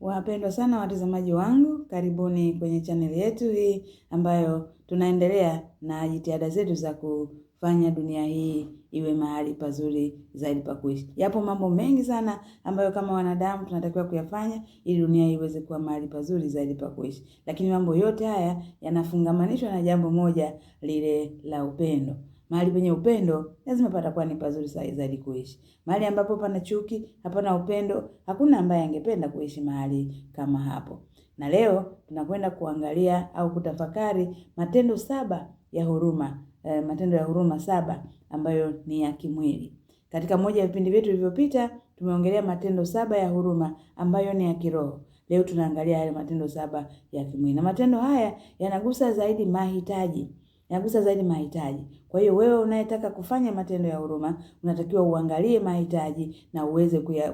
Wapendwa sana watazamaji wangu, karibuni kwenye chaneli yetu hii ambayo tunaendelea na jitihada zetu za kufanya dunia hii iwe mahali pazuri zaidi pa kuishi. Yapo mambo mengi sana ambayo kama wanadamu tunatakiwa kuyafanya ili dunia hii iweze kuwa mahali pazuri zaidi pa kuishi, lakini mambo yote haya yanafungamanishwa na jambo moja lile la upendo. Mahali penye upendo lazima patakuwa ni pazuri zaidi kuishi. Mahali ambapo pana chuki, hapana upendo, hakuna ambaye angependa kuishi mahali kama hapo. Na leo tunakwenda kuangalia au kutafakari matendo saba ya huruma, e, matendo ya huruma saba ambayo ni ya kimwili. Katika moja ya vipindi vyetu vilivyopita tumeongelea matendo saba ya huruma ambayo ni ya kiroho. Leo tunaangalia yale matendo saba ya kimwili, na matendo haya yanagusa zaidi mahitaji inagusa zaidi mahitaji. Kwa hiyo wewe unayetaka kufanya matendo ya huruma unatakiwa uangalie mahitaji na uweze kuya,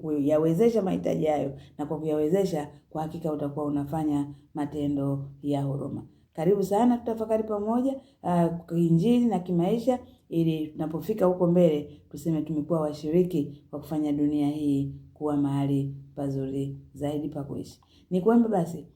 kuyawezesha mahitaji hayo, na kwa kuyawezesha, kwa hakika utakuwa unafanya matendo ya huruma. Karibu sana, tutafakari pamoja uh, ah, Injili na kimaisha, ili tunapofika huko mbele tuseme tumekuwa washiriki wa kufanya dunia hii kuwa mahali pazuri zaidi pa kuishi. Nikuombe basi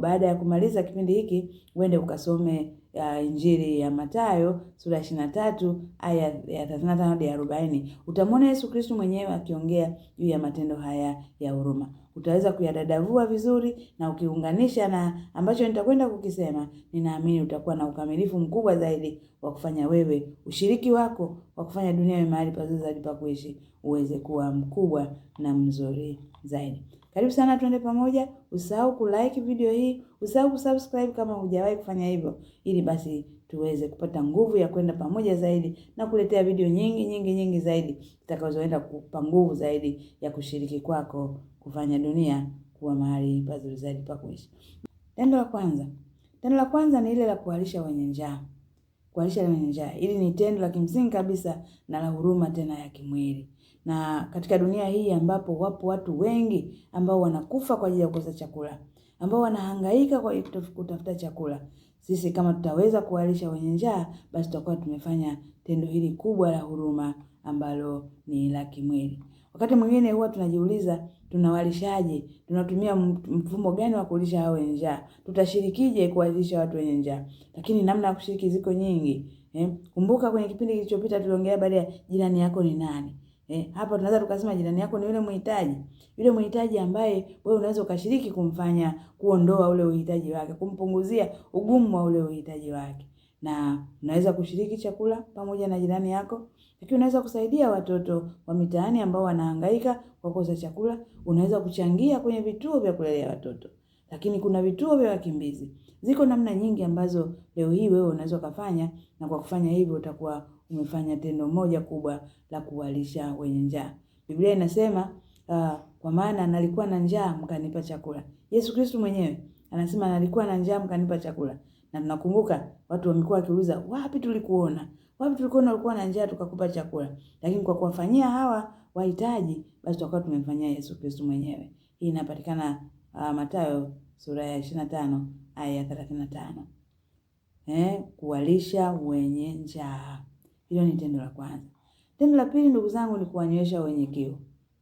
baada ya kumaliza kipindi hiki uende ukasome uh, Injili ya Mathayo sura ya ishirini na tatu aya ya thelathini na tano hadi arobaini. Utamwona Yesu Kristo mwenyewe akiongea juu ya matendo haya ya huruma. Utaweza kuyadadavua vizuri, na ukiunganisha na ambacho nitakwenda kukisema, ninaamini utakuwa na ukamilifu mkubwa zaidi wa kufanya wewe ushiriki wako wa kufanya dunia iwe mahali pazuri zaidi pa kuishi uweze kuwa mkubwa na mzuri zaidi. Karibu sana tuende pamoja. Usahau kulike video hii, usahau kusubscribe kama hujawahi kufanya hivyo, ili basi tuweze kupata nguvu ya kwenda pamoja zaidi na kuletea video nyingi nyingi nyingi zaidi zitakazoenda kupa nguvu zaidi ya kushiriki kwako kufanya dunia kuwa mahali pazuri zaidi pa kuishi. Tendo la kwanza, tendo la kwanza ni ile la kuwalisha wenye njaa. Kuwalisha wenye njaa, ili ni tendo la kimsingi kabisa na la huruma tena ya kimwili. Na katika dunia hii ambapo wapo watu wengi ambao wanakufa kwa ajili ya kukosa chakula, ambao wanahangaika kwa kutafuta chakula, sisi kama tutaweza kuwalisha wenye njaa, basi tutakuwa tumefanya tendo hili kubwa la huruma ambalo ni la kimwili. Wakati mwingine huwa tunajiuliza tunawalishaje? Tunatumia mfumo gani wa kulisha hao wenye njaa? Tutashirikije kuwalisha watu wenye njaa? Lakini namna ya kushiriki ziko nyingi. Eh? Kumbuka kwenye kipindi kilichopita tuliongea habari ya jirani yako ni nani. Eh, hapa tunaweza tukasema jirani yako ni yule mhitaji. Yule mhitaji ambaye wewe unaweza ukashiriki kumfanya kuondoa ule uhitaji wake, kumpunguzia ugumu wa ule uhitaji wake. Na unaweza kushiriki chakula pamoja na jirani yako. Lakini unaweza kusaidia watoto wa mitaani ambao wanahangaika kwa kosa chakula, unaweza kuchangia kwenye vituo vya kulelea watoto. Lakini kuna vituo vya wakimbizi. Ziko namna nyingi ambazo leo hii wewe unaweza kufanya, na kwa kufanya hivyo utakuwa umefanya tendo moja kubwa la kuwalisha wenye njaa. Biblia inasema uh, kwa maana nalikuwa na njaa mkanipa chakula. Yesu Kristu mwenyewe anasema nalikuwa na njaa mkanipa chakula. Na tunakumbuka watu wamekuwa wakiuliza, wapi tulikuona? Wapi tulikuona ulikuwa na njaa tukakupa chakula? Lakini kwa kuwafanyia hawa wahitaji, basi tutakuwa tumemfanyia Yesu Kristu mwenyewe. Hii inapatikana uh, Mathayo sura ya 25 aya ya 35. Eh, kuwalisha wenye njaa. Hilo ni tendo la kwanza. Tendo la pili, ndugu zangu, ni kuwanywesha wenye kiu.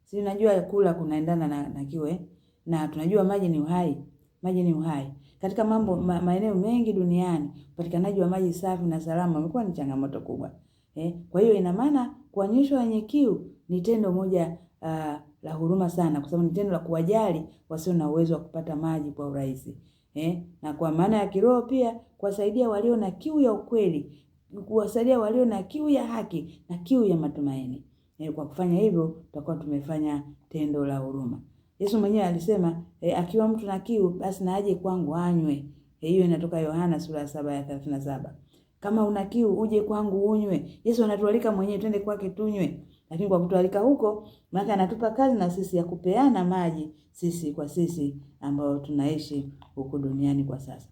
Si unajua kula kunaendana na, na kiu eh? Na tunajua maji ni uhai. Maji ni uhai. Katika mambo ma, maeneo mengi duniani upatikanaji wa maji safi na salama umekuwa ni changamoto kubwa. Eh? Kwa hiyo ina maana kuwanywesha wenye kiu ni tendo moja uh, la huruma sana kwa sababu ni tendo la kuwajali wasio na uwezo wa kupata maji kwa urahisi. Eh? Na kwa maana ya kiroho pia kuwasaidia walio na kiu ya ukweli kuwasaidia walio na kiu ya haki na kiu ya matumaini. E, kwa kufanya hivyo tutakuwa tumefanya tendo la huruma. Yesu mwenyewe alisema e, akiwa mtu na kiu basi na aje kwangu anywe. E, hiyo e, inatoka Yohana sura ya saba ya thelathini na saba. Kama una kiu uje kwangu unywe. Yesu anatualika mwenyewe twende kwake tunywe, lakini kwa kutualika huko, maana anatupa kazi na sisi ya kupeana maji sisi kwa sisi ambao tunaishi huku duniani kwa sasa.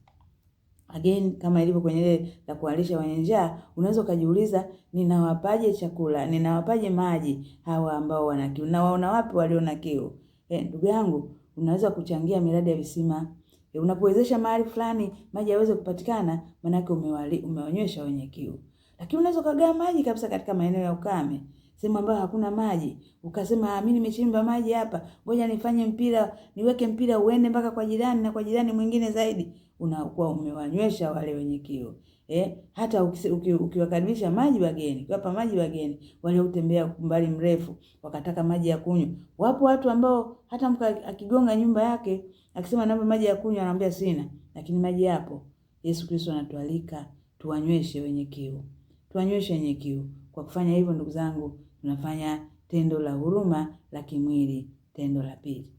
Again, kama ilivyo kwenye ile la kuwalisha wenye njaa, unaweza ukajiuliza ninawapaje chakula, ninawapaje maji hawa ambao wana kiu, na waona wapi walio na kiu? Eh, ndugu yangu, unaweza kuchangia miradi ya visima. Eh, unapowezesha mahali fulani maji yaweze kupatikana, maanake umewali umeonyesha wenye kiu. Lakini unaweza ukagawa maji kabisa katika maeneo ya ukame sehemu ambayo hakuna maji, ukasema ah, mimi nimechimba maji hapa, ngoja nifanye mpira, niweke mpira uende mpaka kwa jirani na kwa jirani mwingine zaidi unakuwa umewanywesha wale wenye kiu. Eh, hata ukiwakaribisha uki, maji wageni, ukiwapa maji wageni waliotembea umbali mrefu wakataka maji ya kunywa. Wapo watu ambao hata mka akigonga nyumba yake akisema naomba maji ya kunywa, anamwambia sina, lakini maji yapo. Yesu Kristo anatualika tuwanyweshe wenye kiu, tuwanyweshe wenye kiu. Kwa kufanya hivyo, ndugu zangu, tunafanya tendo la huruma la kimwili. Tendo la pili,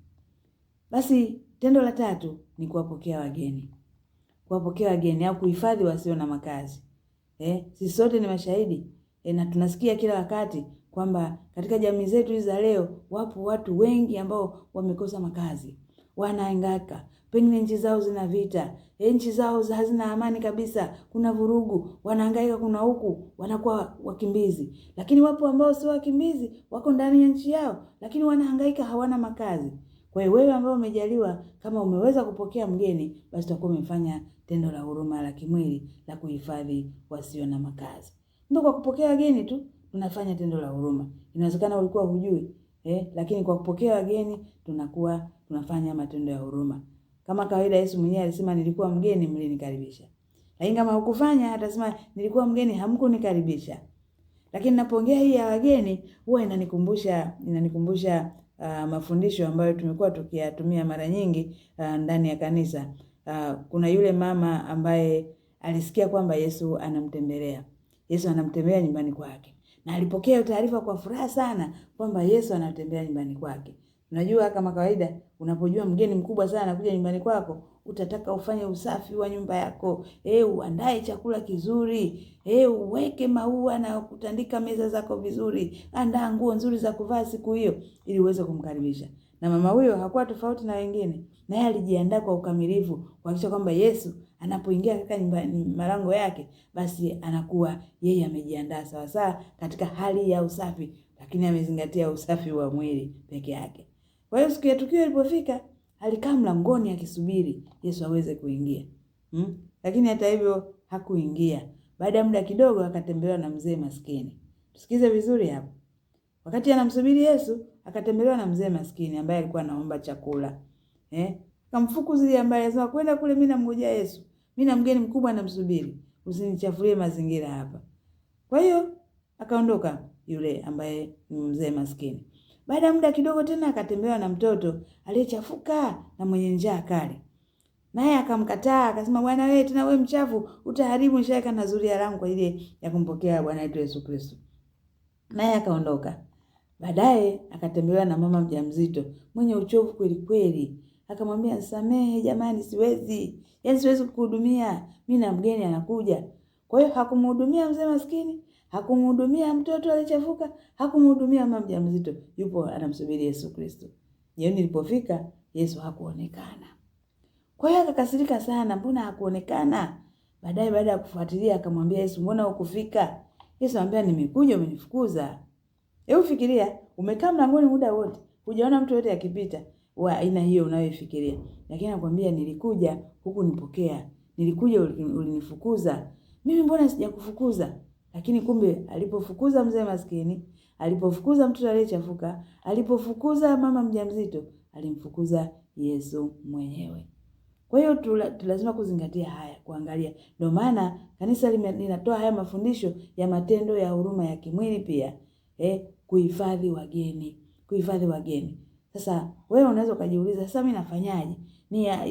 basi tendo la tatu ni kuwapokea wageni kuwapokea wageni au kuhifadhi wasio na makazi. Eh, sisi sote ni mashahidi eh, na tunasikia kila wakati kwamba katika jamii zetu hizi za leo wapo watu wengi ambao wamekosa makazi, wanaangaika, pengine nchi zao zina vita, eh, nchi zao hazina amani kabisa, kuna vurugu, wanaangaika, kuna huku wanakuwa wakimbizi. Lakini wapo ambao sio wakimbizi, wako ndani ya nchi yao, lakini wanaangaika hawana makazi. Kwa hiyo wewe ambaye umejaliwa, kama umeweza kupokea mgeni, basi utakuwa umefanya tendo la huruma la kimwili la kuhifadhi wasio na makazi. Ndio, kwa kupokea wageni tu tunafanya tendo la huruma. Inawezekana ulikuwa hujui eh, lakini kwa kupokea wageni tunakuwa tunafanya matendo ya huruma. Kama kawaida, Yesu mwenyewe alisema nilikuwa mgeni mlinikaribisha, lakini kama hukufanya atasema nilikuwa mgeni hamkunikaribisha. Lakini napoongea hii ya wageni huwa inanikumbusha inanikumbusha uh, mafundisho ambayo tumekuwa tukiyatumia mara nyingi uh, ndani ya kanisa. Uh, kuna yule mama ambaye alisikia kwamba Yesu anamtembelea. Yesu anamtembelea nyumbani kwake. Na alipokea taarifa kwa furaha sana kwamba Yesu anatembea nyumbani kwake. Unajua kama kawaida unapojua mgeni mkubwa sana anakuja nyumbani kwako, utataka ufanye usafi wa nyumba yako, e, uandae chakula kizuri, e, uweke maua na kutandika meza zako vizuri, andaa nguo nzuri za kuvaa siku hiyo ili uweze kumkaribisha. Na mama huyo hakuwa tofauti na wengine, naye alijiandaa kwa ukamilifu kuhakikisha kwamba Yesu anapoingia katika malango yake, basi anakuwa yeye amejiandaa sawasawa katika hali ya usafi, lakini amezingatia usafi wa mwili peke yake. Kwa hiyo siku ya tukio ilipofika alikaa mlangoni akisubiri Yesu aweze kuingia hmm? Lakini hata hivyo hakuingia. Baada ya muda kidogo, akatembelewa na mzee maskini. Tusikize vizuri hapo. Wakati anamsubiri Yesu, akatembelewa na mzee maskini ambaye alikuwa anaomba chakula eh? Kamfukuzi ambaye anasema kwenda kule, mimi namngojea Yesu, mimi na mgeni mkubwa namsubiri, usinichafulie mazingira hapa. Kwa hiyo akaondoka yule ambaye ni mzee maskini. Baada ya muda kidogo tena akatembewa na mtoto aliyechafuka na mwenye njaa kali, naye akamkataa akasema, bwana wewe, tena wewe mchafu, utaharibu nishaweka na zulia langu kwa ajili ya kumpokea Bwana wetu Yesu Kristo. Naye akaondoka. Baadaye akatembelewa na mama mjamzito mwenye uchovu kweli kweli, akamwambia samehe jamani, siwezi, yaani siwezi kukuhudumia, mi na mgeni anakuja. Kwa hiyo hakumhudumia mzee maskini, hakumhudumia mtoto alichafuka, hakumhudumia mama mjamzito, yupo anamsubiri Yesu Kristo. Jioni nilipofika, Yesu hakuonekana. Kwa hiyo akakasirika sana, mbona hakuonekana? Baadaye baada ya kufuatilia, akamwambia Yesu, mbona hukufika? Yesu anambia, nimekuja, umenifukuza. Hebu fikiria, umekaa mlangoni muda wote, hujaona mtu yote akipita wa aina hiyo unayoifikiria, lakini anakuambia nilikuja, huku nipokea, nilikuja, ulinifukuza. Mimi mbona sijakufukuza? Lakini kumbe alipofukuza mzee maskini, alipofukuza mtoto aliyechafuka, alipofukuza mama mjamzito, alimfukuza Yesu mwenyewe. Kwa hiyo tulazima kuzingatia haya, kuangalia. Ndio maana kanisa linatoa haya mafundisho ya matendo ya huruma ya kimwili pia, eh, kuhifadhi wageni, kuhifadhi wageni. Sasa wewe unaweza ukajiuliza, sasa mimi nafanyaje?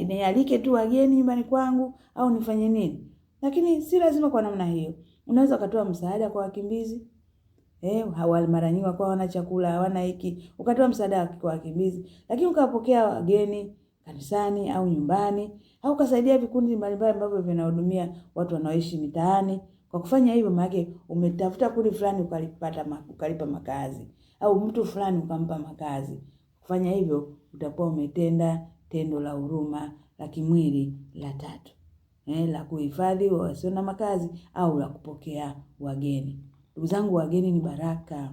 Nialike tu wageni nyumbani kwangu au nifanye nini? Lakini si lazima kwa namna hiyo. Unaweza ukatoa msaada kwa wakimbizi eh, mara nyingi wakuwa hawana chakula, hawana hiki, ukatoa msaada kwa wakimbizi, lakini ukapokea wageni kanisani au nyumbani au ukasaidia vikundi mbalimbali ambavyo vinahudumia watu wanaoishi mitaani. Kwa kufanya hivyo, maana umetafuta kundi fulani ukalipata, ukalipa makazi au mtu fulani ukampa makazi. Kufanya hivyo utakuwa umetenda tendo la huruma la kimwili la tatu eh, la kuhifadhi wasio na makazi au la kupokea wageni. Ndugu zangu, wageni ni baraka.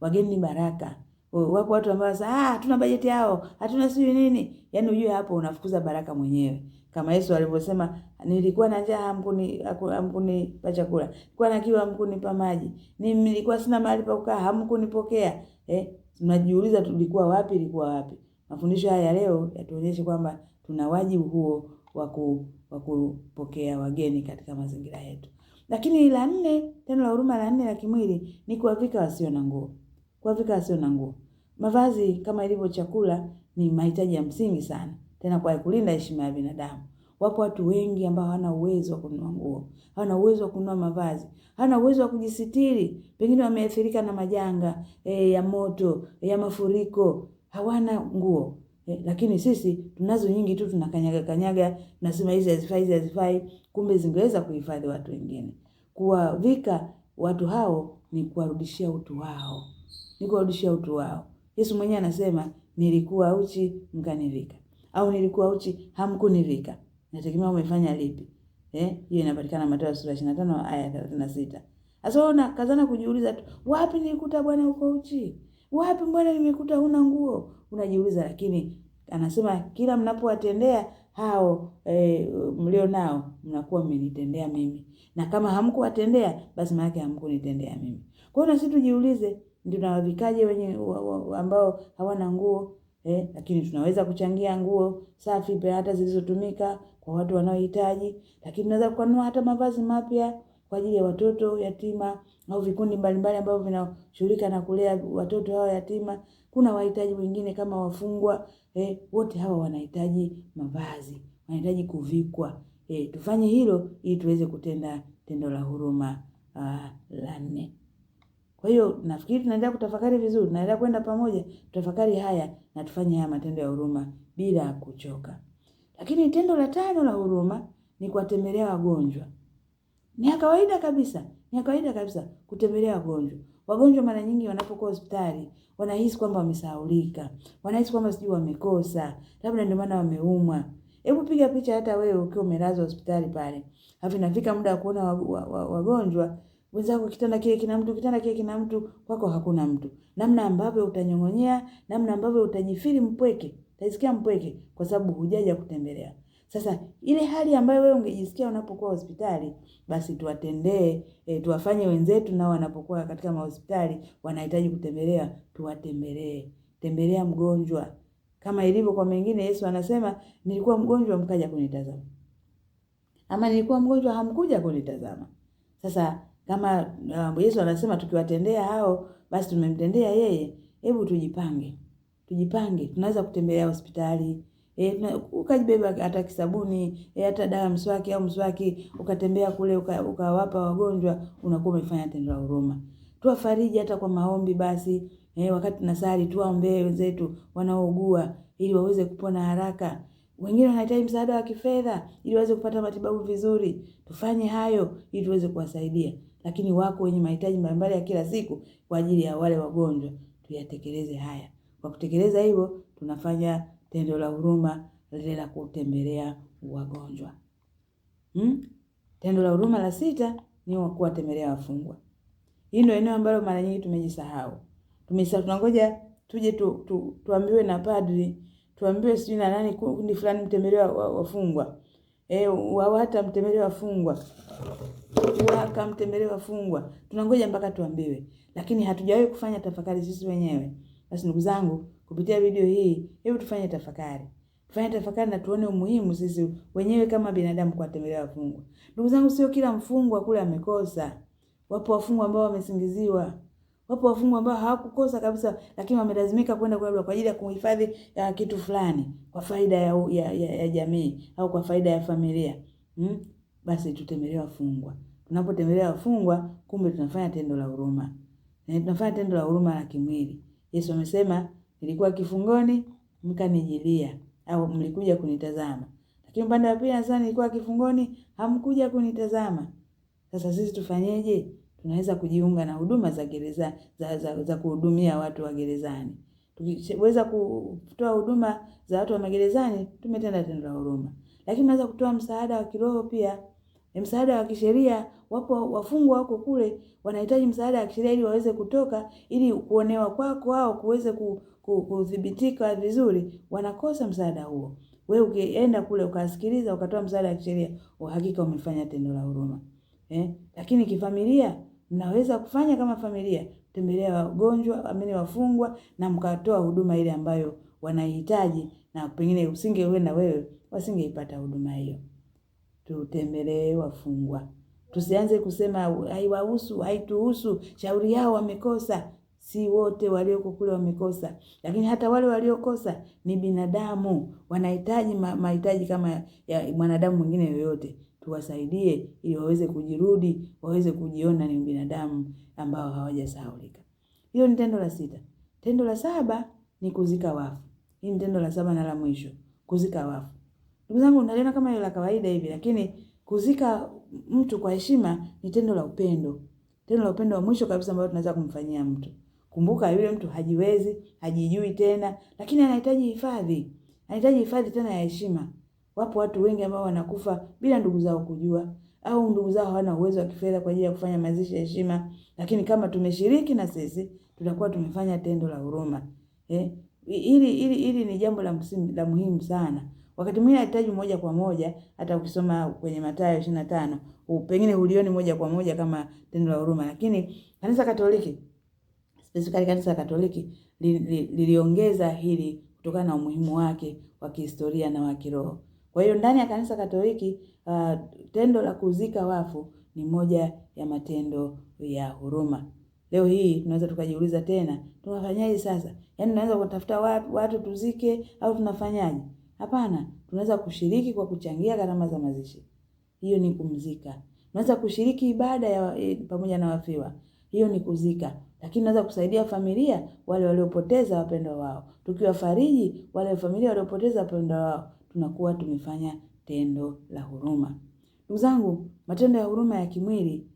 Wageni ni baraka. Wapo watu ambao sasa, ah, hatuna bajeti yao, hatuna sijui nini. Yaani ujue hapo unafukuza baraka mwenyewe. Kama Yesu alivyosema, nilikuwa na njaa hamkuni hamkuni pa chakula. Nilikuwa na kiu hamkuni pa maji. Nilikuwa sina mahali pa kukaa hamkunipokea. Eh, tunajiuliza tulikuwa wapi, ilikuwa wapi? Mafundisho haya leo yatuonyeshe kwamba tuna wajibu huo wa ku wa kupokea wageni katika mazingira yetu. Lakini la nne, tendo la huruma la nne la kimwili ni kuwavika wasio na nguo, kuwavika wasio na nguo. Mavazi kama ilivyo chakula ni mahitaji ya msingi sana, tena kwa kulinda heshima ya binadamu. Wapo watu wengi ambao hawana uwezo wa kununua nguo, hawana uwezo wa kununua mavazi, hawana uwezo wa kujisitiri, pengine wameathirika na majanga e, ya moto, ya mafuriko, hawana nguo. Eh, lakini sisi tunazo nyingi tu tunakanyaga kanyaga, nasema hizi hazifai, hizi hazifai, kumbe zingeweza kuhifadhi watu wengine. Kuwavika watu hao ni kuwarudishia utu wao, ni kuwarudishia utu wao. Yesu mwenyewe anasema nilikuwa uchi mkanivika, au nilikuwa uchi hamkunivika. Nategemea umefanya lipi? Eh, hiyo inapatikana Mathayo sura 25 aya 36. Sasa unaona kazana kujiuliza tu, wapi nilikuta Bwana uko uchi? wapi, mbona nimekuta huna nguo? Unajiuliza, lakini anasema kila mnapowatendea hao e, mlio nao mnakuwa mmenitendea mimi, na kama hamkuwatendea basi maana yake hamkunitendea mimi. Kwa hiyo na sisi tujiulize, ndio nawavikaje wenye ambao hawana nguo eh? Lakini tunaweza kuchangia nguo safi hata zilizotumika kwa watu wanaohitaji, lakini tunaweza kukanua hata mavazi mapya kwa ajili ya watoto yatima au vikundi mbalimbali ambavyo vinashughulika na kulea watoto hao yatima. Kuna wahitaji wengine kama wafungwa eh, wote hawa wanahitaji mavazi, wanahitaji kuvikwa eh, tufanye hilo ili tuweze kutenda tendo la huruma ah, la nne. Kwa hiyo nafikiri tunaendelea kutafakari vizuri, tunaendelea kwenda pamoja, tutafakari haya na tufanye haya matendo ya huruma bila kuchoka. Lakini tendo la tano la huruma ni kuwatembelea wagonjwa. Ni ya kawaida kabisa, ni ya kawaida kabisa kutembelea wagonjwa. Wagonjwa mara nyingi wanapokuwa hospitali wanahisi kwamba wamesahaulika, wanahisi kwamba sijui wamekosa, labda ndio maana wameumwa. Hebu piga picha hata wewe ukiwa umelazwa hospitali pale, halafu inafika muda wa kuona wagonjwa wenzako, kitanda kile kina mtu, kitanda kile kina mtu, kwako hakuna mtu. Namna ambavyo utanyong'onyea, namna ambavyo utajifiri mpweke, utasikia mpweke, kwa sababu hujaja kutembelea. Sasa ile hali ambayo wewe ungejisikia unapokuwa hospitali, basi tuwatendee e, tuwafanye wenzetu nao wanapokuwa katika mahospitali wanahitaji kutembelea, tuwatembelee. Tembelea mgonjwa kama ilivyo kwa mengine. Yesu anasema nilikuwa mgonjwa mkaja kunitazama, ama nilikuwa mgonjwa hamkuja kunitazama. Sasa kama uh, Yesu anasema tukiwatendea hao basi tumemtendea yeye. Hebu tujipange, tujipange, tunaweza kutembelea hospitali E, ukajibeba hata kisabuni e, hata dawa mswaki au mswaki ukatembea kule ukawapa uka wagonjwa, unakuwa umefanya tendo la huruma. Tuwafariji hata kwa maombi basi. E, wakati tunasali tuwaombee wenzetu wanaougua ili waweze kupona haraka. Wengine wanahitaji msaada wa kifedha ili waweze kupata matibabu vizuri. Tufanye hayo ili tuweze kuwasaidia, lakini wako wenye mahitaji mbalimbali ya kila siku kwa ajili ya wale wagonjwa. Tuyatekeleze haya. Kwa kutekeleza hivyo tunafanya tendo la huruma lile la kutembelea wagonjwa hmm? Tendo la huruma la sita ni kuwatembelea wafungwa. Hii ndio eneo ambalo mara nyingi tumejisahau, tumejisahau, tunangoja tuje tu, tu, tuambiwe na padri, tuambiwe sijui na nani, kundi fulani mtembelea wafungwa e, wawata mtembelee wafungwa waka mtembelee wafungwa. Tunangoja mpaka tuambiwe, lakini hatujawahi kufanya tafakari sisi wenyewe. Basi ndugu zangu kupitia video hii, hebu tufanye tafakari, tufanye tafakari na tuone umuhimu sisi wenyewe kama binadamu kuwatembelea wafungwa. Ndugu zangu, sio kila mfungwa kule amekosa. Wapo wafungwa ambao wamesingiziwa, wapo wafungwa ambao hawakukosa kabisa, lakini wamelazimika kwenda kulabda kwa ajili ya kuhifadhi eh, kitu fulani kwa faida ya, ya, ya, ya jamii au kwa faida ya familia hmm? Basi tutembelee wafungwa. Tunapotembelea wafungwa, kumbe tunafanya tendo la huruma, tunafanya tendo la huruma la kimwili. Yesu amesema nilikuwa kifungoni mkanijilia au mlikuja kunitazama, lakini upande wa pili anasema nilikuwa kifungoni hamkuja kunitazama. Sasa sisi tufanyeje? Tunaweza kujiunga na huduma za gereza za, za, za kuhudumia watu wa gerezani. Tukiweza kutoa huduma za watu wa magerezani, tumetenda tendo la huruma, lakini naweza kutoa msaada wa kiroho pia ni msaada wa kisheria. Wapo wafungwa wako kule wanahitaji msaada wa kisheria ili waweze kutoka, ili kuonewa kwako wao kuweze kudhibitika vizuri, wanakosa msaada huo. We ukienda kule ukasikiliza ukatoa msaada wa kisheria, uhakika umefanya tendo la huruma eh? Lakini kifamilia mnaweza kufanya kama familia, tembelea wagonjwa amini wafungwa, na mkatoa huduma ile ambayo wanaihitaji, na pengine usingeenda wewe wasingeipata huduma hiyo tutembelee wafungwa. Tusianze kusema haiwahusu, haituhusu, shauri yao wamekosa. Si wote walioko kule wamekosa, lakini hata wale waliokosa ni binadamu, wanahitaji mahitaji kama ya mwanadamu mwingine yoyote. Tuwasaidie ili waweze kujirudi, waweze kujiona ni binadamu ambao hawajasahaulika. Hiyo ni tendo la sita. Tendo la saba ni kuzika wafu. Hii ni tendo la saba na la mwisho, kuzika wafu ndugu zangu, naliona kama la kawaida hivi, lakini kuzika mtu kwa heshima ni tendo la upendo, tendo la upendo wa mwisho kabisa ambalo tunaweza kumfanyia mtu. Kumbuka yule mtu hajiwezi, hajijui tena, lakini anahitaji hifadhi, anahitaji hifadhi tena ya heshima. Wapo watu wengi ambao wanakufa bila ndugu zao kujua, au ndugu zao hawana uwezo wa kifedha kwa ajili ya kufanya mazishi ya heshima, lakini kama tumeshiriki na sisi tutakuwa tumefanya tendo la huruma eh. Ili, ili, ili ni jambo la msingi la muhimu sana. Wakati mwingine hahitaji moja kwa moja, hata ukisoma kwenye Mathayo 25 pengine ulioni moja kwa moja kama tendo la huruma, lakini kanisa Katoliki specifically kanisa Katoliki liliongeza li, li, hili kutokana na umuhimu wake wa kihistoria na wa kiroho. Kwa hiyo ndani ya kanisa Katoliki uh, tendo la kuzika wafu ni moja ya matendo ya huruma. Leo hii tunaweza tukajiuliza tena, tunafanyaje sasa? Yaani tunaweza kutafuta watu, watu tuzike au tunafanyaje? Hapana, tunaweza kushiriki kwa kuchangia gharama za mazishi, hiyo ni kumzika. Tunaweza kushiriki ibada ya e, pamoja na wafiwa, hiyo ni kuzika. Lakini tunaweza kusaidia familia wale waliopoteza wapendwa wao, tukiwafariji wale familia waliopoteza wapendwa wao, tunakuwa tumefanya tendo la huruma. Ndugu zangu, matendo ya huruma ya kimwili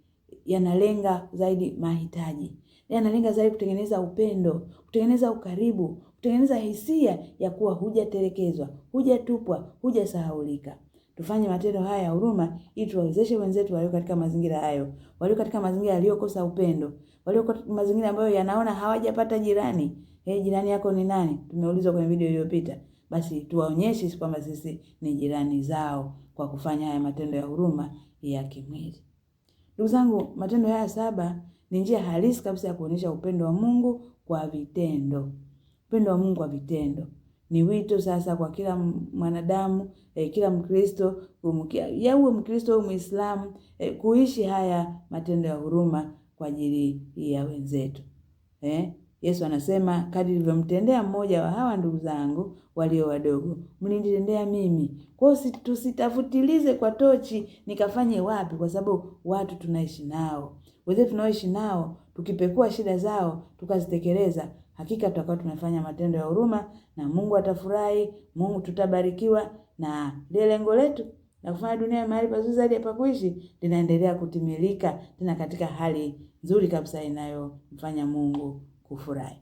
yanalenga zaidi mahitaji yanalenga zaidi kutengeneza upendo, kutengeneza ukaribu, kutengeneza hisia ya kuwa hujatelekezwa, hujatupwa, hujasahaulika. Tufanye matendo haya ya huruma ili tuwawezeshe wenzetu walio katika mazingira hayo, walio katika mazingira yaliyokosa upendo, walio katika mazingira ambayo yanaona hawajapata jirani. Hey, jirani yako ni nani? Tumeulizwa kwenye video iliyopita. Basi tuwaonyeshe kwamba sisi ni jirani zao kwa kufanya haya matendo ya huruma ya kimwili. Ndugu zangu, matendo haya saba ni njia halisi kabisa ya kuonyesha upendo wa Mungu kwa vitendo. Upendo wa Mungu kwa vitendo ni wito sasa kwa kila mwanadamu eh, kila Mkristo um-, ya uwe Mkristo au Muislamu eh, kuishi haya matendo ya huruma kwa ajili ya wenzetu eh. Yesu anasema kadri nilivyomtendea mmoja wa hawa ndugu zangu walio wadogo, mlinitendea mimi. Kwa hiyo tusitafutilize kwa tochi nikafanye wapi, kwa sababu watu tunaishi nao wenzetu tunaoishi nao, tukipekua shida zao tukazitekeleza, hakika tutakuwa tumefanya matendo ya huruma na Mungu atafurahi, Mungu tutabarikiwa, na lile lengo letu na kufanya dunia mahali pazuri zaidi pa kuishi linaendelea kutimilika tena katika hali nzuri kabisa inayomfanya Mungu kufurahi.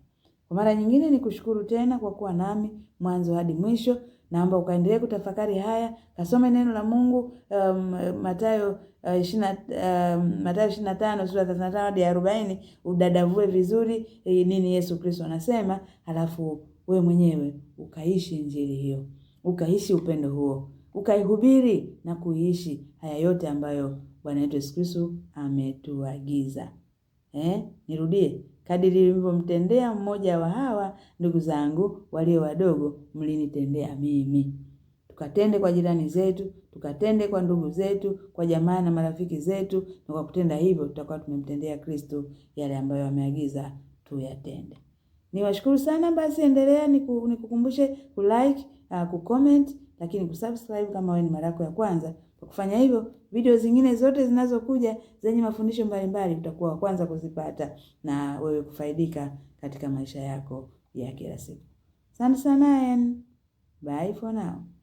Kwa mara nyingine, ni kushukuru tena kwa kuwa nami mwanzo hadi mwisho. Naomba ukaendelee kutafakari haya, kasome neno la Mungu um, Mathayo uh, ishina, um, Mathayo 25 sura tano hadi arobaini udadavue vizuri eh, nini Yesu Kristo anasema, halafu we mwenyewe ukaishi injili hiyo, ukaishi upendo huo, ukaihubiri na kuiishi haya yote ambayo Bwana wetu Yesu Kristo ametuagiza. Eh, nirudie Kadiri nilivyomtendea mmoja wa hawa ndugu zangu walio wadogo, mlinitendea mimi. Tukatende kwa jirani zetu, tukatende kwa ndugu zetu, kwa jamaa na marafiki zetu, na kwa kutenda hivyo tutakuwa tumemtendea Kristo yale ambayo ameagiza tuyatende. Niwashukuru sana basi, endelea nikukumbushe kulike, uh, ah, kucomment, lakini kusubscribe kama wewe ni mara yako ya kwanza kwa kufanya hivyo, video zingine zote zinazokuja zenye mafundisho mbalimbali utakuwa wa kwanza kuzipata na wewe kufaidika katika maisha yako ya kila siku. Asante sana and bye for now.